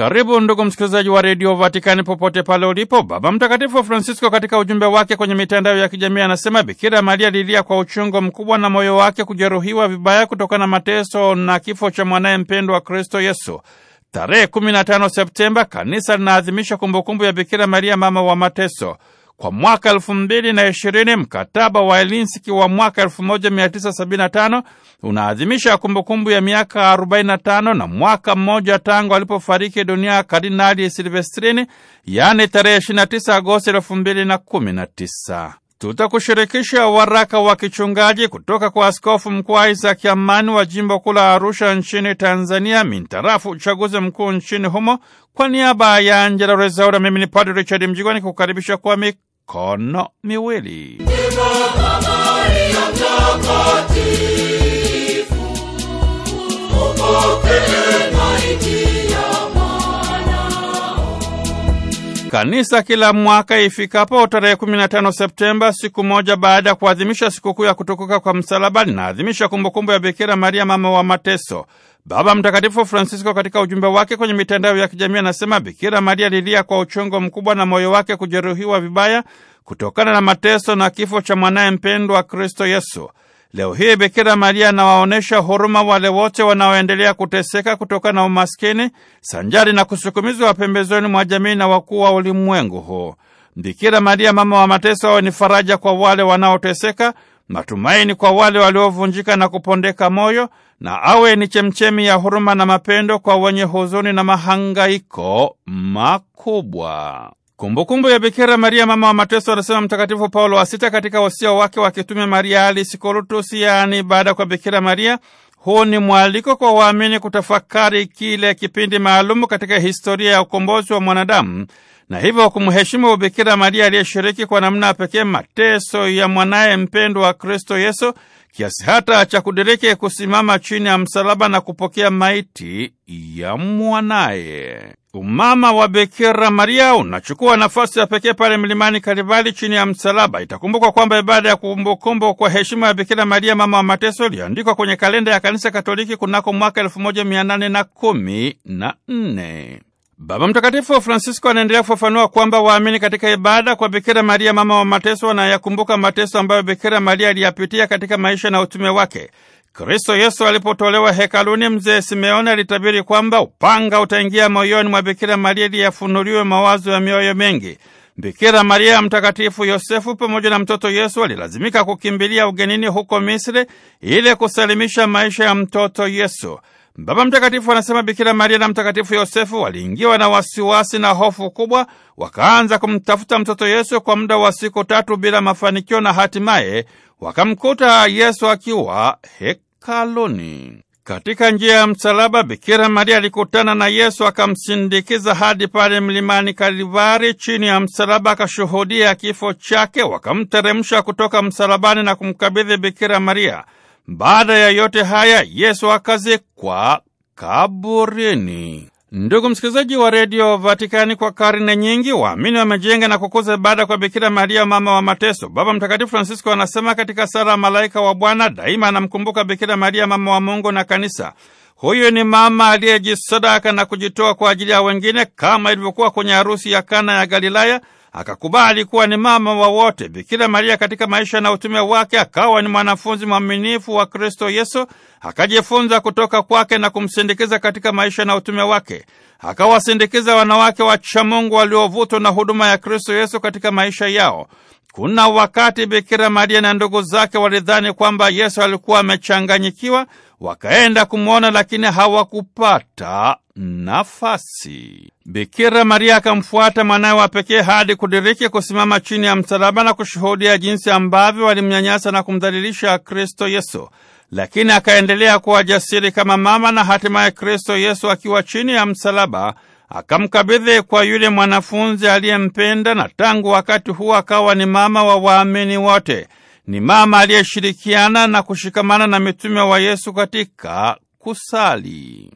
Karibu ndugu msikilizaji wa redio Vatikani popote pale ulipo. Baba Mtakatifu Francisco katika ujumbe wake kwenye mitandao ya kijamii anasema Bikira Maria lilia kwa uchungu mkubwa na moyo wake kujeruhiwa vibaya kutokana na mateso na kifo cha mwanaye mpendwa wa Kristo Yesu. Tarehe 15 Septemba kanisa linaadhimisha kumbukumbu ya Bikira Maria mama wa mateso. Kwa mwaka elfu mbili na ishirini mkataba wa Helsinki wa mwaka 1975 unaadhimisha kumbukumbu ya miaka 45 na mwaka mmoja tangu alipofariki dunia Kardinali Silvestrini, yaani tarehe 29 Agosti 2019. Tutakushirikisha waraka wa kichungaji kutoka kwa Askofu Mkuu isaki Amani wa jimbo kuu la Arusha nchini Tanzania, mintarafu uchaguzi mkuu nchini humo. Kwa niaba ya Angela Rezaura, mimi ni Padre Richard Mjigwa ni kukaribisha kwa mik mikono miwili. Kanisa kila mwaka ifikapo tarehe 15 Septemba, siku moja baada ya kuadhimisha sikukuu ya kutukuka kwa msalaba, linaadhimisha kumbukumbu ya Bikira Maria, mama wa mateso. Baba Mtakatifu Francisco katika ujumbe wake kwenye mitandao ya kijamii anasema Bikira Maria lilia kwa uchungu mkubwa na moyo wake kujeruhiwa vibaya kutokana na mateso na kifo cha mwanaye mpendwa Kristo Yesu. Leo hii Bikira Maria anawaonyesha huruma wale wote wanaoendelea kuteseka kutokana na umaskini sanjari na kusukumizwa pembezoni mwa jamii na wakuu wa ulimwengu huu. Bikira Maria, mama wa mateso, awe ni faraja kwa wale wanaoteseka, matumaini kwa wale waliovunjika na kupondeka moyo na awe ni chemchemi ya huruma na mapendo kwa wenye huzuni na mahangaiko makubwa. Kumbukumbu ya Bikira Maria mama wa mateso, anasema Mtakatifu Paulo wa Sita katika wasia wake wakitumia Maria Alis Colutus, yaani baada kwa Bikira Maria. Huu ni mwaliko kwa waamini kutafakari kile kipindi maalumu katika historia ya ukombozi wa mwanadamu na hivyo kumheshimu Bikira Maria aliyeshiriki kwa namna pekee mateso ya mwanaye mpendwa wa Kristo Yesu kiasi hata cha kudiriki kusimama chini ya msalaba na kupokea maiti ya mwanaye. Umama wa Bikira Maria unachukua nafasi ya pekee pale mlimani Kalvari chini ya msalaba. Itakumbukwa kwamba ibada ya kumbukumbu kwa heshima ya Bikira Maria mama wa mateso iliyoandikwa kwenye kalenda ya Kanisa Katoliki kunako mwaka elfu moja mia nane na kumi na nne. Baba Mtakatifu Francisco anaendelea kufafanua kwamba waamini katika ibada kwa Bikira Maria mama wa mateso wanayakumbuka mateso ambayo Bikira Maria aliyapitia katika maisha na utume wake. Kristo Yesu alipotolewa hekaluni, mzee Simeoni alitabiri kwamba upanga utaingia moyoni mwa Bikira Maria ili yafunuliwe mawazo ya mioyo mengi. Bikira Maria Mtakatifu Yosefu pamoja na mtoto Yesu walilazimika kukimbilia ugenini huko Misri ili kusalimisha maisha ya mtoto Yesu. Baba Mtakatifu anasema Bikira Maria na Mtakatifu Yosefu waliingiwa na wasiwasi na hofu kubwa, wakaanza kumtafuta mtoto Yesu kwa muda wa siku tatu bila mafanikio, na hatimaye wakamkuta Yesu akiwa hekaluni. Katika njia ya msalaba, Bikira Maria alikutana na Yesu akamsindikiza hadi pale mlimani Kalivari. Chini ya msalaba akashuhudia kifo chake, wakamteremsha kutoka msalabani na kumkabidhi Bikira Maria. Baada ya yote haya, Yesu akazikwa kaburini. Ndugu msikilizaji wa redio Vatikani, kwa karne nyingi waamini wamejenga na kukuza ibada kwa Bikira Maria, mama wa mateso. Baba Mtakatifu Francisco anasema katika sala Malaika wa Bwana daima anamkumbuka Bikira Maria, mama wa Mungu na kanisa. Huyu ni mama aliyejisadaka na kujitoa kwa ajili ya wengine, kama ilivyokuwa kwenye harusi ya Kana ya Galilaya akakubali kuwa ni mama wa wote. Bikira Maria katika maisha na utume wake akawa ni mwanafunzi mwaminifu wa Kristo Yesu, akajifunza kutoka kwake na kumsindikiza katika maisha na utume wake. Akawasindikiza wanawake Mungu waliovutwa na huduma ya Kristo Yesu katika maisha yao. Kuna wakati Bikira Maria na ndugu zake walidhani kwamba Yesu alikuwa amechanganyikiwa, wakaenda kumwona, lakini hawakupata nafasi. Bikira Maria akamfuata mwanawe wa pekee hadi kudiriki kusimama chini ya msalaba na kushuhudia jinsi ambavyo walimnyanyasa na kumdhalilisha Kristo Yesu, lakini akaendelea kuwa jasiri kama mama, na hatimaye Kristo Yesu akiwa chini ya msalaba akamkabidhi kwa yule mwanafunzi aliyempenda, na tangu wakati huo akawa ni mama wa waamini wote. Ni mama aliyeshirikiana na kushikamana na mitume wa Yesu katika kusali.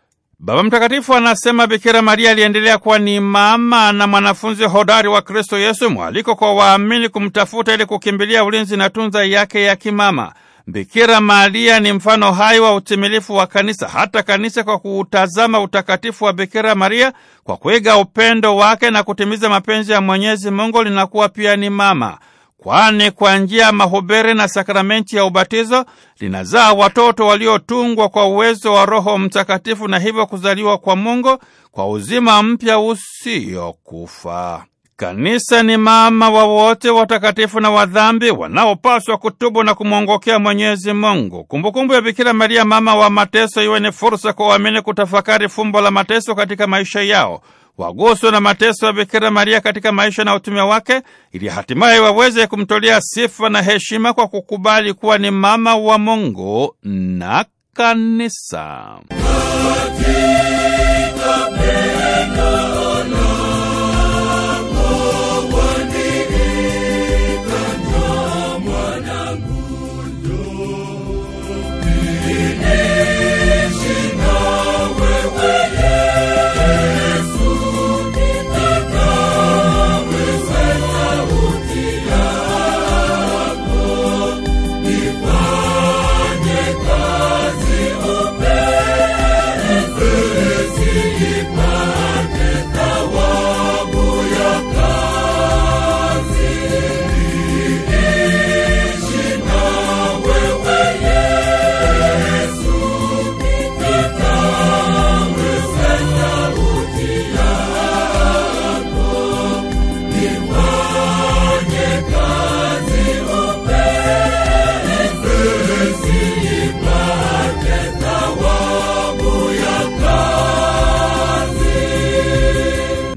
Baba Mtakatifu anasema Bikira Maria aliendelea kuwa ni mama na mwanafunzi hodari wa Kristo Yesu, mwaliko kwa waamini kumtafuta ili kukimbilia ulinzi na tunza yake ya kimama. Bikira Maria ni mfano hai wa utimilifu wa kanisa. Hata kanisa kwa kuutazama utakatifu wa Bikira Maria, kwa kuiga upendo wake na kutimiza mapenzi ya Mwenyezi Mungu, linakuwa pia ni mama kwani kwa njia ya mahubiri na sakramenti ya ubatizo linazaa watoto waliotungwa kwa uwezo wa Roho Mtakatifu na hivyo kuzaliwa kwa Mungu kwa uzima mpya usiyokufa. Kanisa ni mama wa wote watakatifu na wadhambi wanaopaswa kutubu na kumwongokea Mwenyezi Mungu. Kumbukumbu ya Bikira Maria mama wa mateso iwe ni fursa kwa waamini kutafakari fumbo la mateso katika maisha yao waguswe na mateso ya Bikira Maria katika maisha na utumia wake, ili hatimaye waweze kumtolea sifa na heshima kwa kukubali kuwa ni mama wa Mungu na Kanisa.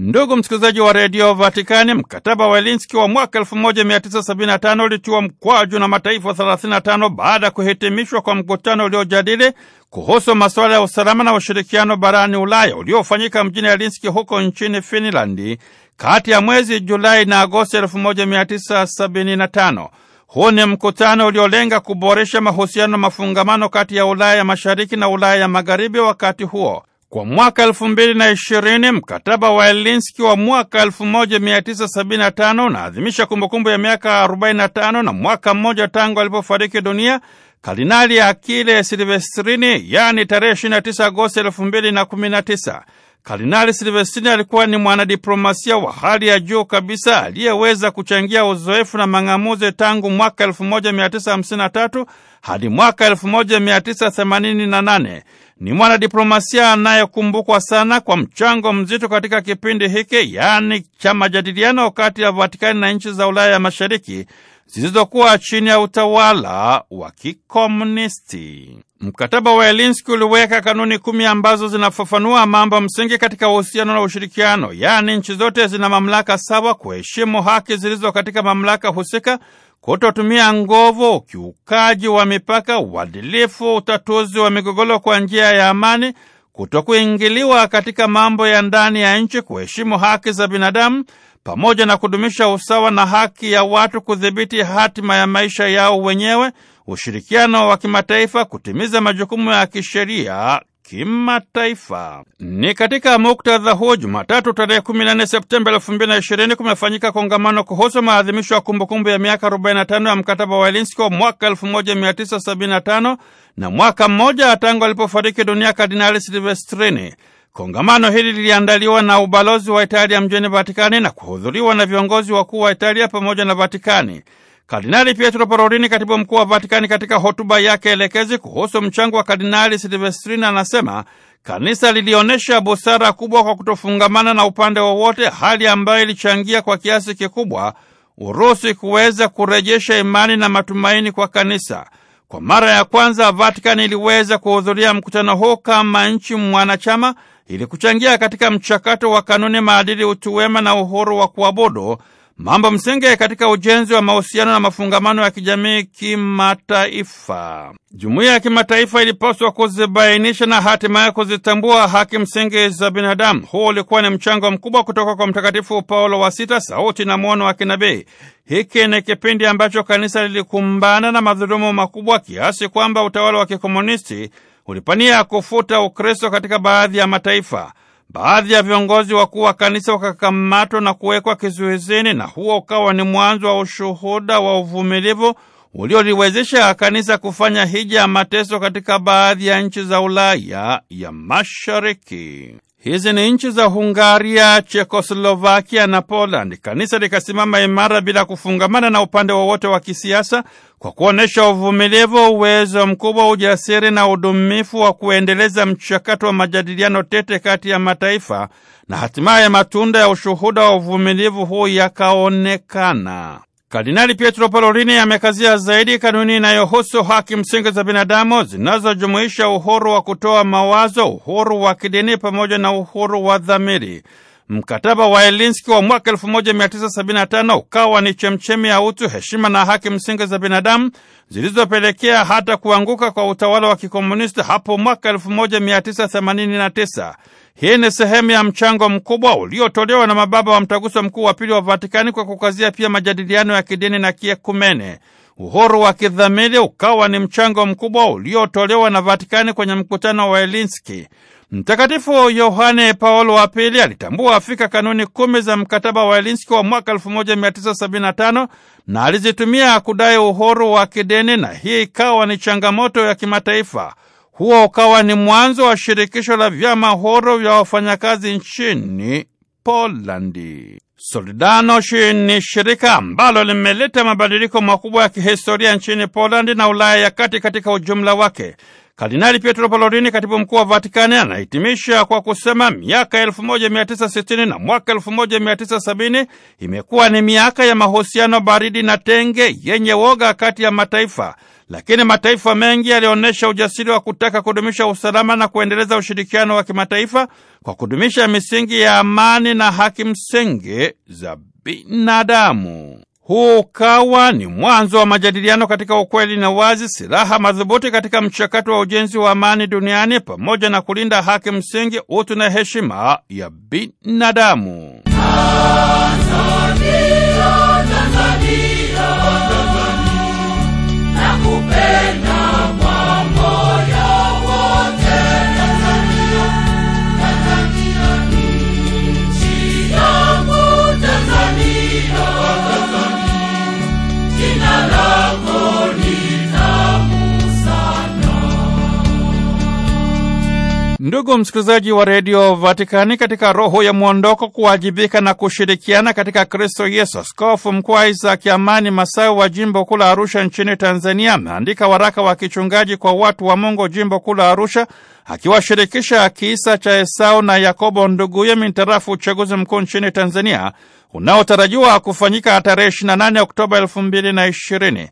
Ndugu msikilizaji wa redio Vatikani, mkataba wa Elinski wa mwaka 1975 ulitiwa mkwaju na mataifa 35 baada ya kuhitimishwa kwa mkutano uliojadili kuhusu masuala ya usalama na ushirikiano barani Ulaya uliofanyika mjini Elinski huko nchini Finlandi kati ya mwezi Julai na Agosti 1975. Huu ni mkutano uliolenga kuboresha mahusiano na mafungamano kati ya Ulaya ya mashariki na Ulaya ya magharibi wakati huo kwa mwaka elfu mbili na ishirini mkataba wa Helsinki wa mwaka 1975 unaadhimisha kumbukumbu ya miaka 45 na mwaka mmoja tangu alipofariki dunia Kardinali Akile Silvestrini, yaani tarehe 29 Agosti 2019. Kardinali silvestini alikuwa ni mwanadiplomasia wa hali ya juu kabisa aliyeweza kuchangia uzoefu na mang'amuzi tangu mwaka 1953 hadi mwaka 1988. Ni mwanadiplomasia anayekumbukwa sana kwa mchango mzito katika kipindi hiki, yaani cha majadiliano kati ya Vatikani na nchi za Ulaya ya Mashariki zilizokuwa chini ya utawala wa kikomunisti. Mkataba wa Helsinki uliweka kanuni kumi ambazo zinafafanua mambo msingi katika uhusiano na ushirikiano, yaani nchi zote zina mamlaka sawa, kuheshimu haki zilizo katika mamlaka husika, kutotumia nguvu, ukiukaji wa mipaka, uadilifu, utatuzi wa migogoro kwa njia ya amani, kutokuingiliwa katika mambo ya ndani ya nchi, kuheshimu haki za binadamu pamoja na kudumisha usawa na haki ya watu kudhibiti hatima ya maisha yao wenyewe, ushirikiano wa kimataifa, kutimiza majukumu ya kisheria kimataifa. Ni katika muktadha huu, Jumatatu tarehe 14 Septemba 2020 kumefanyika kongamano kuhusu maadhimisho ya kumbukumbu ya miaka 45 ya mkataba wa Helsinki wa mwaka 1975 na mwaka mmoja tangu alipofariki dunia Kardinali Silvestrini. Kongamano hili liliandaliwa na ubalozi wa Italia mjini Vatikani na kuhudhuriwa na viongozi wakuu wa Italia pamoja na Vatikani. Kardinali Pietro Parolini, katibu mkuu wa Vatikani, katika hotuba yake elekezi kuhusu mchango wa Kardinali Silvestrini anasema kanisa lilionyesha busara kubwa kwa kutofungamana na upande wowote, hali ambayo ilichangia kwa kiasi kikubwa Urusi kuweza kurejesha imani na matumaini kwa kanisa. Kwa mara ya kwanza Vatikani iliweza kuhudhuria mkutano huu kama nchi mwanachama ili kuchangia katika mchakato wa kanuni, maadili, utu wema na uhuru wa kuabudu mambo msingi katika ujenzi wa mahusiano na mafungamano ya kijamii kimataifa. Jumuiya ya kimataifa ilipaswa kuzibainisha na hatimaye kuzitambua haki msingi za binadamu. Huu ulikuwa ni mchango mkubwa kutoka kwa Mtakatifu Paulo wa Sita, sauti na mwono wa kinabii. Hiki ni kipindi ambacho kanisa lilikumbana na madhulumu makubwa kiasi kwamba utawala wa kikomunisti ulipania kufuta Ukristo katika baadhi ya mataifa baadhi ya viongozi wakuu wa kanisa wakakamatwa na kuwekwa kizuizini, na huo ukawa ni mwanzo wa ushuhuda wa uvumilivu ulioliwezesha kanisa kufanya hija ya mateso katika baadhi ya nchi za Ulaya ya Mashariki. Hizi ni nchi za Hungaria, Chekoslovakia na Poland. Kanisa likasimama imara bila kufungamana na upande wowote wa, wa kisiasa kwa kuonyesha uvumilivu, uwezo mkubwa, ujasiri na udumifu wa kuendeleza mchakato wa majadiliano tete kati ya mataifa na hatimaye matunda ya ushuhuda wa uvumilivu huu yakaonekana. Kardinali Pietro Parolini amekazia zaidi kanuni inayohusu haki msingi za binadamu zinazojumuisha uhuru wa kutoa mawazo, uhuru wa kidini pamoja na uhuru wa dhamiri. Mkataba wa Helsinki wa mwaka 1975 ukawa ni chemchemi ya utu, heshima na haki msingi za binadamu zilizopelekea hata kuanguka kwa utawala wa kikomunisti hapo mwaka 1989. Hii ni sehemu ya mchango mkubwa uliotolewa na mababa wa mtaguso mkuu wa pili wa Vatikani kwa kukazia pia majadiliano ya kidini na kiekumene. Uhuru wa kidhamiri ukawa ni mchango mkubwa uliotolewa na Vatikani kwenye mkutano wa Helsinki. Mtakatifu Yohane Paulo wa Pili alitambua Afrika kanuni kumi za mkataba wa Helsinki wa mwaka 1975 na alizitumia kudai uhuru wa kidini, na hii ikawa ni changamoto ya kimataifa. Huo ukawa ni mwanzo wa shirikisho la vyama huru vya wafanyakazi nchini Polandi. Solidarnosc ni shirika ambalo limeleta mabadiliko makubwa ya kihistoria nchini Polandi na Ulaya ya kati katika ujumla wake. Kardinali Pietro Parolini, katibu mkuu wa Vatikani, anahitimisha kwa kusema miaka 1960 na mwaka 1970 imekuwa ni miaka ya mahusiano baridi na tenge yenye woga kati ya mataifa lakini mataifa mengi yalionyesha ujasiri wa kutaka kudumisha usalama na kuendeleza ushirikiano wa kimataifa kwa kudumisha misingi ya amani na haki msingi za binadamu. Huu ukawa ni mwanzo wa majadiliano katika ukweli na wazi, silaha madhubuti katika mchakato wa ujenzi wa amani duniani, pamoja na kulinda haki msingi, utu na heshima ya binadamu. Amen. Ndugu msikilizaji wa redio Vatikani, katika roho ya mwondoko, kuwajibika na kushirikiana katika Kristo Yesu, askofu mkuu Isaac Amani Masawe wa jimbo kuu la Arusha nchini Tanzania ameandika waraka wa kichungaji kwa watu wa Mungu jimbo kuu la Arusha, akiwashirikisha kisa cha Esau na Yakobo nduguye mintarafu uchaguzi mkuu nchini Tanzania unaotarajiwa kufanyika tarehe 28 Oktoba 2020.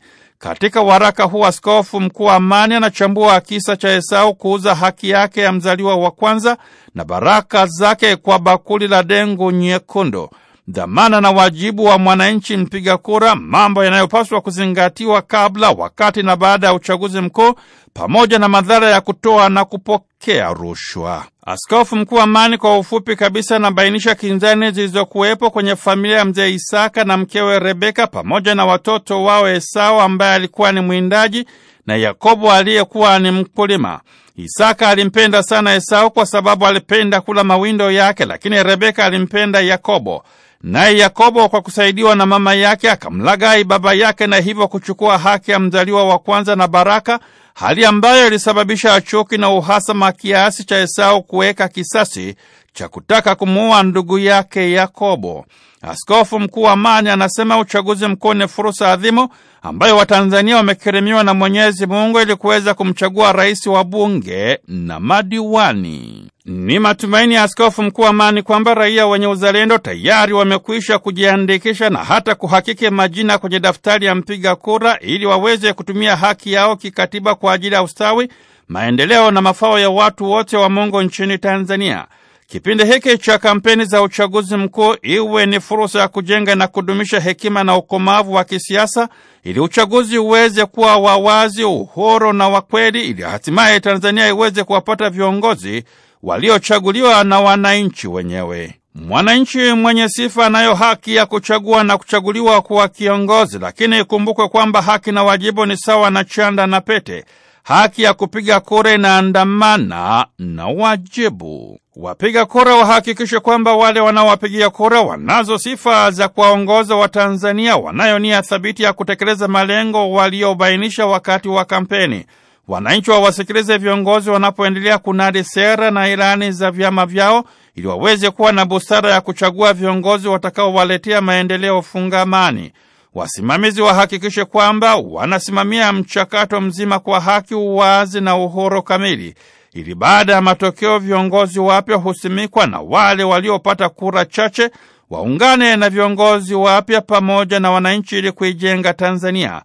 Katika waraka huu askofu mkuu wa Amani anachambua kisa cha Esau kuuza haki yake ya mzaliwa wa kwanza na baraka zake kwa bakuli la dengu nyekundu dhamana na wajibu wa mwananchi mpiga kura, mambo yanayopaswa kuzingatiwa kabla, wakati na baada ya uchaguzi mkuu, pamoja na madhara ya kutoa na kupokea rushwa. Askofu Mkuu Amani kwa ufupi kabisa anabainisha kinzani zilizokuwepo kwenye familia ya mzee Isaka na mkewe Rebeka pamoja na watoto wao Esau ambaye alikuwa ni mwindaji na Yakobo aliyekuwa ni mkulima. Isaka alimpenda sana Esau kwa sababu alipenda kula mawindo yake, lakini Rebeka alimpenda Yakobo. Naye Yakobo kwa kusaidiwa na mama yake akamlaghai baba yake na hivyo kuchukua haki ya mzaliwa wa kwanza na Baraka, hali ambayo ilisababisha chuki na uhasama kiasi cha Esau kuweka kisasi cha kutaka kumuua ndugu yake Yakobo. Askofu mkuu wa Amani anasema uchaguzi mkuu ni fursa adhimu ambayo Watanzania wamekirimiwa na Mwenyezi Mungu ili kuweza kumchagua rais wa bunge na madiwani. Ni matumaini ya Askofu Mkuu wa Amani kwamba raia wenye uzalendo tayari wamekwisha kujiandikisha na hata kuhakiki majina kwenye daftari ya mpiga kura ili waweze kutumia haki yao kikatiba kwa ajili ya ustawi, maendeleo na mafao ya watu wote wa Mungu nchini Tanzania. Kipindi hiki cha kampeni za uchaguzi mkuu iwe ni fursa ya kujenga na kudumisha hekima na ukomavu wa kisiasa ili uchaguzi uweze kuwa wa wazi, uhuru na wa kweli, ili hatimaye Tanzania iweze kuwapata viongozi waliochaguliwa na wananchi wenyewe. Mwananchi mwenye sifa anayo haki ya kuchagua na kuchaguliwa kuwa kiongozi, lakini ikumbukwe kwamba haki na wajibu ni sawa na chanda na pete. Haki ya kupiga kura inaandamana na wajibu. Wapiga kura wahakikishe kwamba wale wanaowapigia kura wanazo sifa za kuwaongoza Watanzania, wanayo nia thabiti ya kutekeleza malengo waliobainisha wakati wa kampeni. Wananchi wawasikilize viongozi wanapoendelea kunadi sera na ilani za vyama vyao ili waweze kuwa na busara ya kuchagua viongozi watakaowaletea maendeleo fungamani. Wasimamizi wahakikishe kwamba wanasimamia mchakato mzima kwa haki, uwazi na uhuru kamili, ili baada ya matokeo viongozi wapya husimikwa na wale waliopata kura chache waungane na viongozi wapya pamoja na wananchi ili kuijenga Tanzania.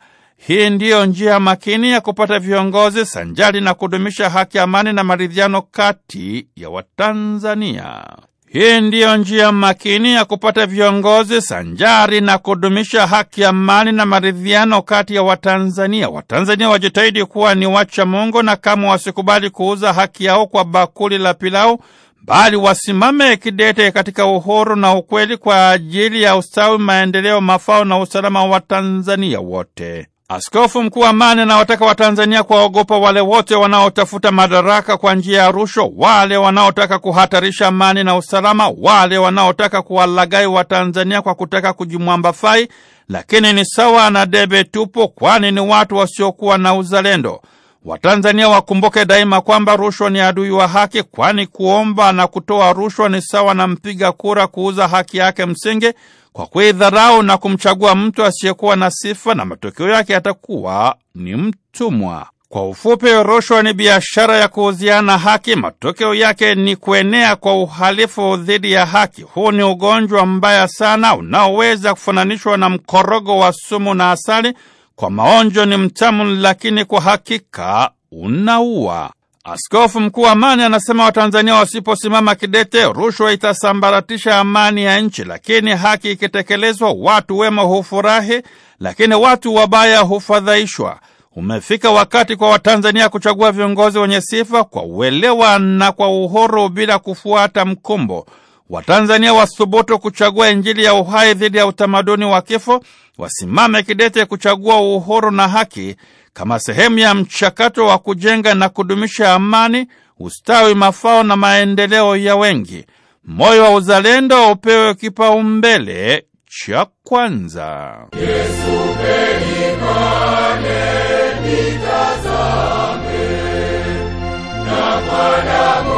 Hii ndiyo njia makini ya kupata viongozi sanjari na kudumisha haki, amani na maridhiano kati ya Watanzania. Hii ndiyo njia makini ya kupata viongozi sanjari na kudumisha haki, amani na maridhiano kati ya Watanzania. Watanzania wajitahidi kuwa ni wacha Mungu na kamwe wasikubali kuuza haki yao kwa bakuli la pilau, bali wasimame kidete katika uhuru na ukweli kwa ajili ya ustawi, maendeleo, mafao na usalama wa watanzania wote. Askofu Mkuu Amani anawataka Watanzania kuwaogopa wale wote wanaotafuta madaraka kwa njia ya rushwa, wale wanaotaka kuhatarisha amani na usalama, wale wanaotaka kuwalagai Watanzania kwa kutaka kujimwamba fai, lakini ni sawa na debe tupo, kwani ni watu wasiokuwa na uzalendo. Watanzania wakumbuke daima kwamba rushwa ni adui wa haki, kwani kuomba na kutoa rushwa ni sawa na mpiga kura kuuza haki yake msingi kwa kuidharau na kumchagua mtu asiyekuwa na sifa, na matokeo yake atakuwa ni mtumwa. Kwa ufupi, rushwa ni biashara ya kuuziana haki. Matokeo yake ni kuenea kwa uhalifu dhidi ya haki. Huu ni ugonjwa mbaya sana unaoweza kufananishwa na mkorogo wa sumu na asali. Kwa maonjo ni mtamu, lakini kwa hakika unaua. Askofu Mkuu Amani anasema Watanzania wasiposimama kidete, rushwa itasambaratisha amani ya nchi, lakini haki ikitekelezwa, watu wema hufurahi, lakini watu wabaya hufadhaishwa. Umefika wakati kwa Watanzania kuchagua viongozi wenye sifa kwa uelewa na kwa uhuru bila kufuata mkumbo. Watanzania wathubutu kuchagua Injili ya uhai dhidi ya utamaduni wa kifo, wasimame kidete kuchagua uhuru na haki kama sehemu ya mchakato wa kujenga na kudumisha amani, ustawi, mafao na maendeleo ya wengi. Moyo wa uzalendo upewe kipaumbele cha kwanza. Yesu nitazame, na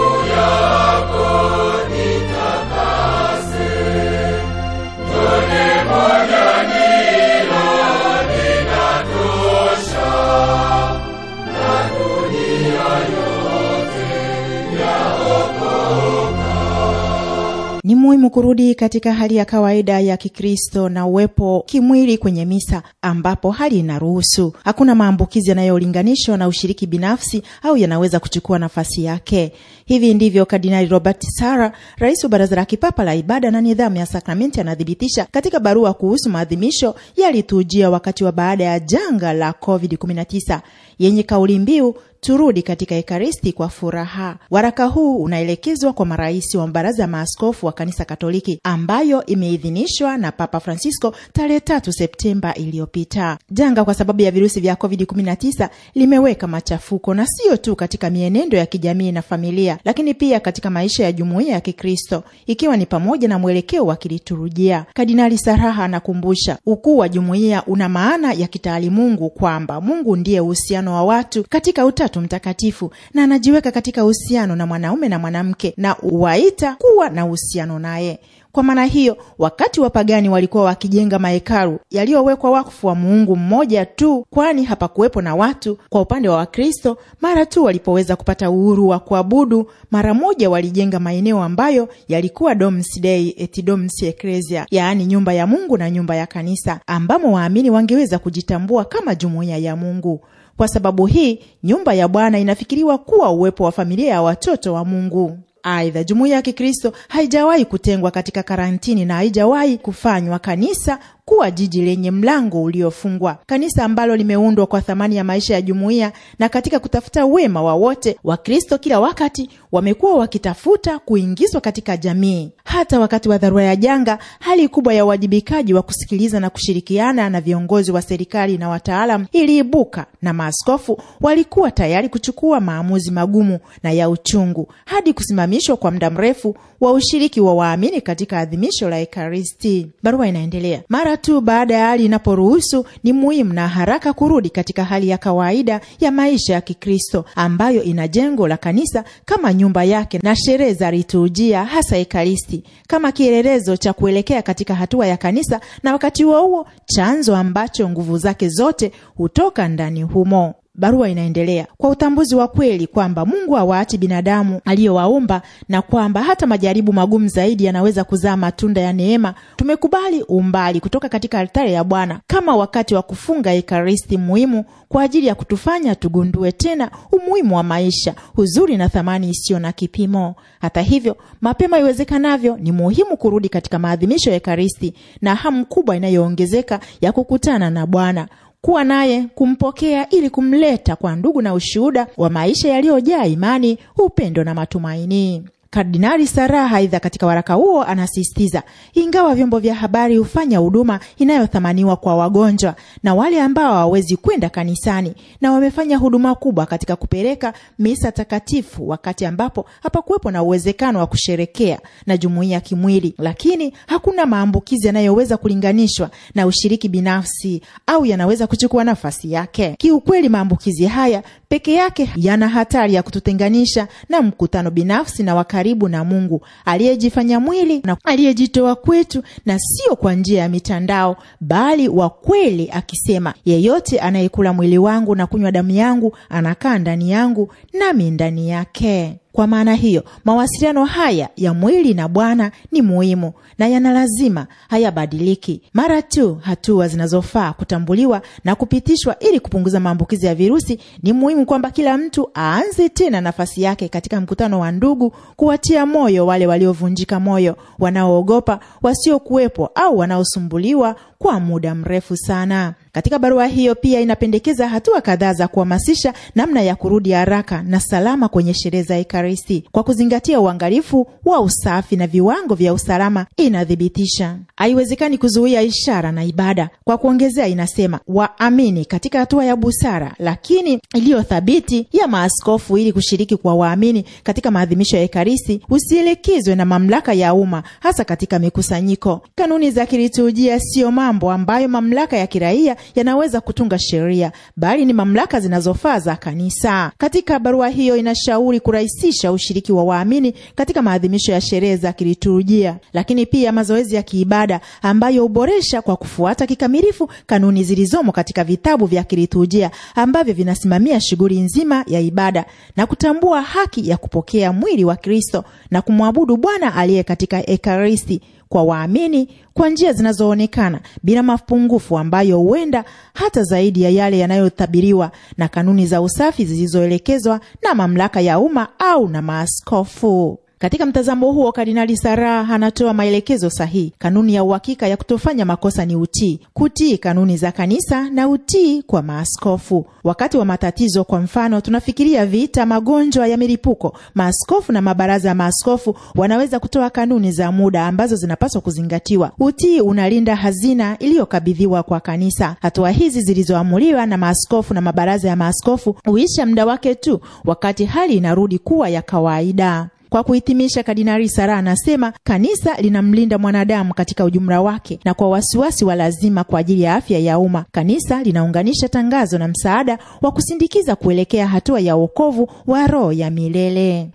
muhimu kurudi katika hali ya kawaida ya Kikristo na uwepo kimwili kwenye misa ambapo hali inaruhusu. Hakuna maambukizi yanayolinganishwa na ushiriki binafsi au yanaweza kuchukua nafasi yake. Hivi ndivyo Kardinali Robert Sara, rais wa Baraza la Kipapa la Ibada na Nidhamu ya Sakramenti, anathibitisha katika barua kuhusu maadhimisho yalitujia wakati wa baada ya janga la COVID-19 yenye kauli mbiu turudi katika Ekaristi kwa furaha. Waraka huu unaelekezwa kwa marais wa mabaraza ya maaskofu wa kanisa Katoliki ambayo imeidhinishwa na Papa Francisco tarehe tatu Septemba iliyopita. Janga kwa sababu ya virusi vya COVID-19 limeweka machafuko na siyo tu katika mienendo ya kijamii na familia kujitolea, lakini pia katika maisha ya jumuiya ya Kikristo, ikiwa ni pamoja na mwelekeo wa kiliturujia. Kardinali Saraha anakumbusha ukuu wa jumuiya una maana ya kitaalimungu kwamba Mungu ndiye uhusiano wa watu katika Utatu Mtakatifu, na anajiweka katika uhusiano na mwanaume na mwanamke na uwaita kuwa na uhusiano naye. Kwa maana hiyo, wakati wapagani walikuwa wakijenga mahekalu yaliyowekwa wakfu wa muungu mmoja tu, kwani hapakuwepo na watu. Kwa upande wa Wakristo, mara tu walipoweza kupata uhuru wa kuabudu, mara moja walijenga maeneo ambayo yalikuwa Domus Dei et Domus Ecclesia, yaani nyumba ya Mungu na nyumba ya kanisa, ambamo waamini wangeweza kujitambua kama jumuiya ya Mungu. Kwa sababu hii, nyumba ya Bwana inafikiriwa kuwa uwepo wa familia ya watoto wa Mungu. Aidha, jumuiya ya Kikristo haijawahi kutengwa katika karantini na haijawahi kufanywa kanisa kuwa jiji lenye mlango uliofungwa, kanisa ambalo limeundwa kwa thamani ya maisha ya jumuiya, na katika kutafuta wema wa wote, Wakristo kila wakati wamekuwa wakitafuta kuingizwa katika jamii. Hata wakati wa dharura ya janga, hali kubwa ya uwajibikaji wa kusikiliza na kushirikiana na viongozi wa serikali na wataalam iliibuka, na maaskofu walikuwa tayari kuchukua maamuzi magumu na ya uchungu, hadi kusimamishwa kwa muda mrefu wa ushiriki wa waamini katika adhimisho la Ekaristi. Barua inaendelea mara tu baada ya hali inaporuhusu, ni muhimu na haraka kurudi katika hali ya kawaida ya maisha ya Kikristo ambayo ina jengo la kanisa kama nyumba yake na sherehe za liturujia, hasa Ekaristi, kama kielelezo cha kuelekea katika hatua ya kanisa, na wakati huo huo chanzo ambacho nguvu zake zote hutoka ndani humo. Barua inaendelea kwa utambuzi wa kweli kwamba Mungu hawaachi binadamu aliyowaumba na kwamba hata majaribu magumu zaidi yanaweza kuzaa matunda ya neema. Tumekubali umbali kutoka katika altari ya Bwana kama wakati wa kufunga Ekaristi muhimu kwa ajili ya kutufanya tugundue tena umuhimu wa maisha, uzuri na thamani isiyo na kipimo. Hata hivyo, mapema iwezekanavyo, ni muhimu kurudi katika maadhimisho ya Ekaristi na hamu kubwa inayoongezeka ya kukutana na Bwana kuwa naye, kumpokea ili kumleta kwa ndugu na ushuhuda wa maisha yaliyojaa imani, upendo na matumaini. Kardinali saraha aidha, katika waraka huo anasisitiza, ingawa vyombo vya habari hufanya huduma inayothamaniwa kwa wagonjwa na wale ambao hawawezi kwenda kanisani, na wamefanya huduma kubwa katika kupeleka misa takatifu wakati ambapo hapakuwepo na uwezekano wa kusherekea na jumuiya kimwili, lakini hakuna maambukizi yanayoweza kulinganishwa na ushiriki binafsi au yanaweza kuchukua nafasi yake. Kiukweli, maambukizi haya peke yake yana hatari ya kututenganisha na mkutano binafsi na wakati karibu na Mungu aliyejifanya mwili na aliyejitoa kwetu, na sio kwa njia ya mitandao, bali wa kweli, akisema, yeyote anayekula mwili wangu na kunywa damu yangu anakaa ndani yangu nami ndani yake. Kwa maana hiyo mawasiliano haya ya mwili na Bwana ni muhimu na yana lazima, hayabadiliki mara tu. Hatua zinazofaa kutambuliwa na kupitishwa ili kupunguza maambukizi ya virusi, ni muhimu kwamba kila mtu aanze tena nafasi yake katika mkutano wa ndugu, kuwatia moyo wale waliovunjika moyo, wanaoogopa, wasiokuwepo au wanaosumbuliwa kwa muda mrefu sana. Katika barua hiyo pia inapendekeza hatua kadhaa za kuhamasisha namna ya kurudi haraka na salama kwenye sherehe za Ekaristi kwa kuzingatia uangalifu wa usafi na viwango vya usalama. Inathibitisha haiwezekani kuzuia ishara na ibada. Kwa kuongezea, inasema waamini katika hatua ya busara lakini iliyo thabiti ya maaskofu ili kushiriki kwa waamini katika maadhimisho ya Ekaristi usielekezwe na mamlaka ya umma, hasa katika mikusanyiko. Kanuni za kiliturujia siyo mambo ambayo mamlaka ya kiraia yanaweza kutunga sheria, bali ni mamlaka zinazofaa za kanisa. Katika barua hiyo, inashauri kurahisisha ushiriki wa waamini katika maadhimisho ya sherehe za kiliturujia, lakini pia mazoezi ya kiibada ambayo huboresha kwa kufuata kikamilifu kanuni zilizomo katika vitabu vya kiliturujia ambavyo vinasimamia shughuli nzima ya ibada na kutambua haki ya kupokea mwili wa Kristo na kumwabudu Bwana aliye katika Ekaristi kwa waamini kwa njia zinazoonekana bila mapungufu ambayo huenda hata zaidi ya yale yanayotabiriwa na kanuni za usafi zilizoelekezwa na mamlaka ya umma au na maaskofu. Katika mtazamo huo, Kardinali Sara anatoa maelekezo sahihi. Kanuni ya uhakika ya kutofanya makosa ni utii, kutii kanuni za kanisa na utii kwa maaskofu. Wakati wa matatizo, kwa mfano, tunafikiria vita, magonjwa ya milipuko, maaskofu na mabaraza ya maaskofu wanaweza kutoa kanuni za muda ambazo zinapaswa kuzingatiwa. Utii unalinda hazina iliyokabidhiwa kwa kanisa. Hatua hizi zilizoamuliwa na maaskofu na mabaraza ya maaskofu huisha muda wake tu wakati hali inarudi kuwa ya kawaida. Kwa kuhitimisha, Kardinali Sara anasema kanisa linamlinda mwanadamu katika ujumla wake na kwa wasiwasi wa lazima kwa ajili ya afya ya umma. Kanisa linaunganisha tangazo na msaada wa kusindikiza kuelekea hatua ya wokovu wa roho ya milele.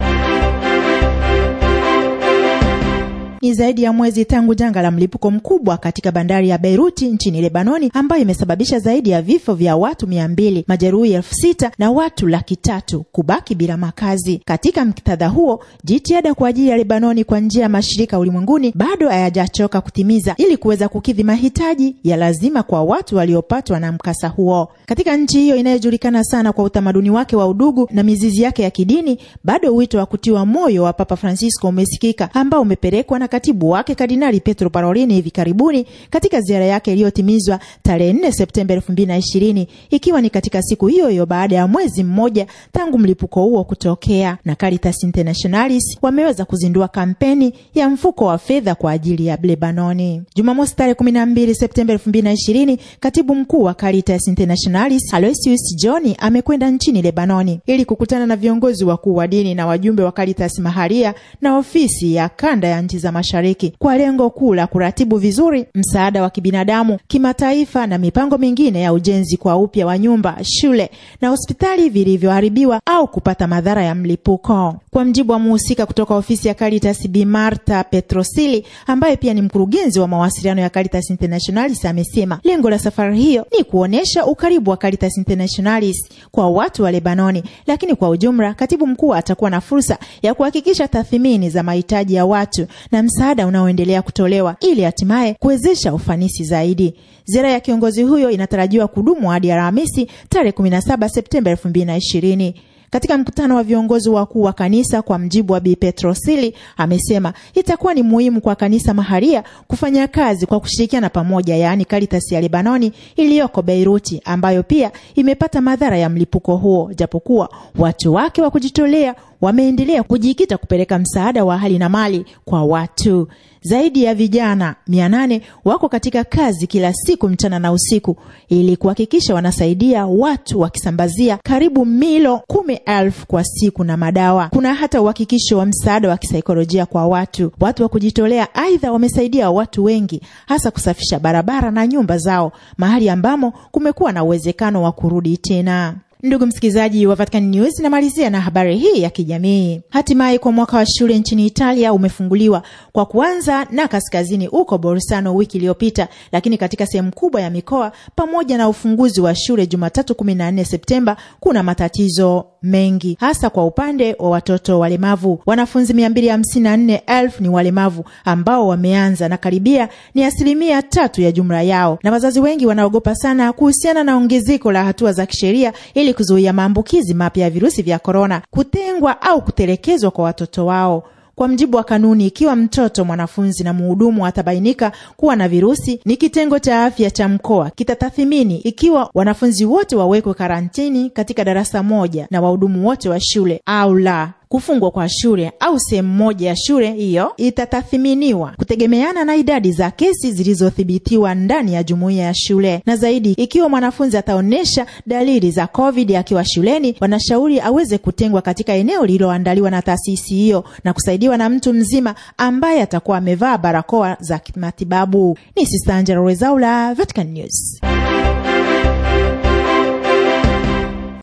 Ni zaidi ya mwezi tangu janga la mlipuko mkubwa katika bandari ya Beiruti nchini Lebanoni, ambayo imesababisha zaidi ya vifo vya watu mia mbili, majeruhi elfu sita na watu laki tatu kubaki bila makazi. Katika muktadha huo, jitihada kwa ajili ya Lebanoni kwa njia ya mashirika ulimwenguni bado hayajachoka kutimiza ili kuweza kukidhi mahitaji ya lazima kwa watu waliopatwa na mkasa huo. Katika nchi hiyo inayojulikana sana kwa utamaduni wake wa udugu na mizizi yake ya kidini, bado wito wa kutiwa moyo wa Papa Francisco umesikika ambao umepelekwa na na katibu wake Kardinali Petro Parolini hivi karibuni katika ziara yake iliyotimizwa tarehe 4 Septemba 2020 ikiwa ni katika siku hiyo hiyo baada ya mwezi mmoja tangu mlipuko huo kutokea. Na Caritas Internationalis wameweza kuzindua kampeni ya mfuko wa fedha kwa ajili ya Lebanoni. Jumamosi tarehe 12 Septemba 2020, katibu mkuu wa Caritas Internationalis Aloysius John amekwenda nchini Lebanoni ili kukutana na viongozi wakuu wa dini na wajumbe wa Caritas maharia na ofisi ya kanda ya nchi za Mashariki kwa lengo kuu la kuratibu vizuri msaada wa kibinadamu kimataifa na mipango mingine ya ujenzi kwa upya wa nyumba, shule na hospitali vilivyoharibiwa au kupata madhara ya mlipuko. Kwa mjibu wa muhusika kutoka ofisi ya Caritas Bi Marta Petrosili ambaye pia ni mkurugenzi wa mawasiliano ya Caritas Internationalis, amesema lengo la safari hiyo ni kuonyesha ukaribu wa Caritas Internationalis kwa watu wa Lebanoni, lakini kwa ujumla katibu mkuu atakuwa na fursa ya kuhakikisha tathmini za mahitaji ya watu na msaada unaoendelea kutolewa ili hatimaye kuwezesha ufanisi zaidi. Ziara ya kiongozi huyo inatarajiwa kudumu hadi Alhamisi tarehe 17 Septemba 2020. Katika mkutano wa viongozi wakuu wa kanisa, kwa mjibu wa Bi Petro Sili, amesema itakuwa ni muhimu kwa kanisa maharia kufanya kazi kwa kushirikiana pamoja, yaani Karitas ya Lebanoni iliyoko Beiruti, ambayo pia imepata madhara ya mlipuko huo, japokuwa watu wake wa kujitolea wameendelea kujikita kupeleka msaada wa hali na mali kwa watu. Zaidi ya vijana mia nane wako katika kazi kila siku mchana na usiku ili kuhakikisha wanasaidia watu, wakisambazia karibu milo kumi elfu kwa siku na madawa. Kuna hata uhakikisho wa msaada wa kisaikolojia kwa watu. Watu wa kujitolea aidha wamesaidia watu wengi, hasa kusafisha barabara na nyumba zao, mahali ambamo kumekuwa na uwezekano wa kurudi tena. Ndugu msikilizaji wa Vatican News, namalizia na habari hii ya kijamii. Hatimaye kwa mwaka wa shule nchini Italia umefunguliwa kwa kuanza na kaskazini huko Bolzano wiki iliyopita, lakini katika sehemu kubwa ya mikoa pamoja na ufunguzi wa shule Jumatatu 14 Septemba kuna matatizo mengi, hasa kwa upande wa watoto walemavu. Wanafunzi mia mbili hamsini na nne elfu ni walemavu ambao wameanza na karibia ni asilimia tatu ya jumla yao, na wazazi wengi wanaogopa sana kuhusiana na ongezeko la hatua za kisheria ili kuzuia maambukizi mapya ya virusi vya korona, kutengwa au kutelekezwa kwa watoto wao. Kwa mjibu wa kanuni, ikiwa mtoto, mwanafunzi na mhudumu atabainika kuwa na virusi, ni kitengo cha afya cha mkoa kitatathimini ikiwa wanafunzi wote wawekwe karantini katika darasa moja na wahudumu wote wa shule au la. Kufungwa kwa shule au sehemu moja ya shule hiyo itatathiminiwa kutegemeana na idadi za kesi zilizothibitiwa ndani ya jumuiya ya shule, na zaidi ikiwa mwanafunzi ataonyesha dalili za COVID akiwa shuleni, wanashauri aweze kutengwa katika eneo lililoandaliwa na taasisi hiyo na kusaidiwa na mtu mzima ambaye atakuwa amevaa barakoa za kimatibabu. Ni Sista Angela Rezaula, Vatican News.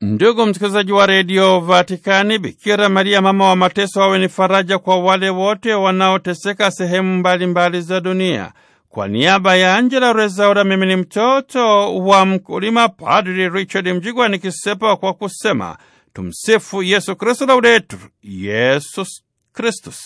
Ndugu msikilizaji wa redio Vatikani, Bikira Maria mama wa mateso awe ni faraja kwa wale wote wanaoteseka sehemu mbalimbali za dunia. Kwa niaba ya Angela Rezaura, mimi ni mtoto wa mkulima Padri Richard Mjigwa nikisepa kwa kusema tumsifu Yesu Kristu, laudetur Yesus Kristus.